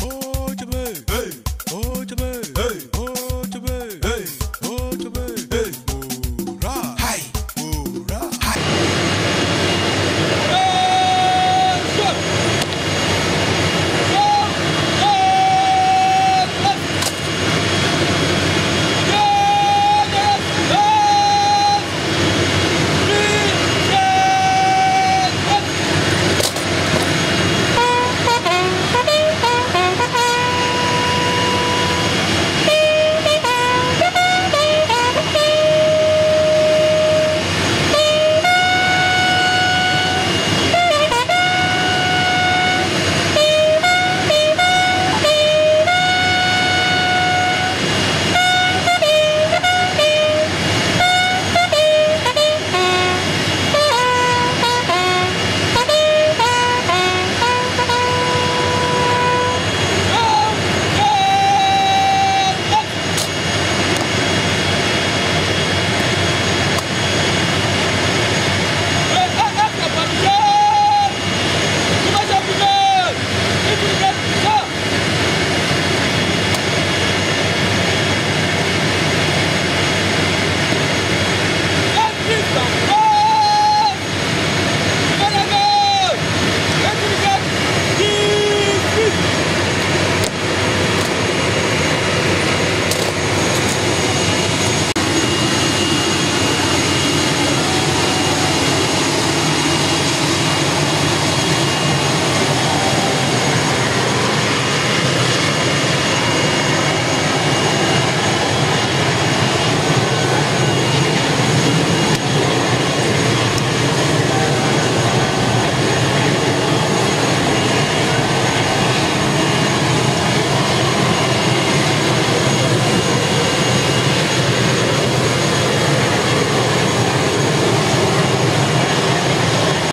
Hoje hold hoje bem.